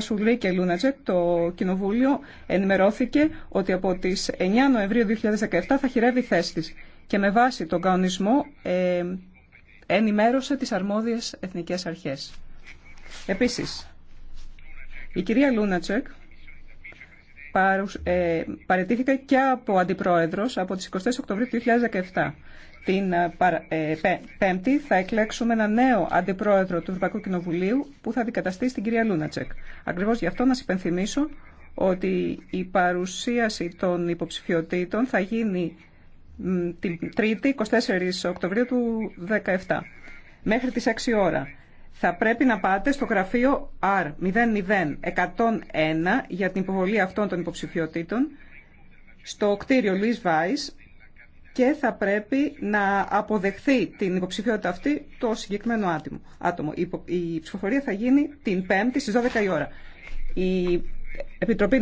Σουλή και Λουνατσέκ το Κοινοβούλιο ενημερώθηκε ότι από τις 9 Νοεμβρίου 2017 θα χειρεύει θέση τη και με βάση τον κανονισμό ε, ενημέρωσε τις αρμόδιες εθνικές αρχές. Επίσης, η κυρία Λούνατσεκ παραιτήθηκε ε, και από αντιπρόεδρος από τις 24 Οκτωβρίου 2017. Την ε, ε, Πέμπτη θα εκλέξουμε ένα νέο αντιπρόεδρο του Ευρωπαϊκού Κοινοβουλίου που θα αντικαταστήσει την κυρία Λούνατσεκ. Ακριβώς γι' αυτό να σα υπενθυμίσω ότι η παρουσίαση των υποψηφιωτήτων θα γίνει την Τρίτη, 24 Οκτωβρίου του 2017, μέχρι τις 6 ώρα θα πρέπει να πάτε στο γραφείο R00101 για την υποβολή αυτών των υποψηφιότητων στο κτίριο Λουίς και θα πρέπει να αποδεχθεί την υποψηφιότητα αυτή το συγκεκριμένο άτομο. άτομο. Η ψηφοφορία θα γίνει την 5η στις 12 η ώρα. Η Επιτροπή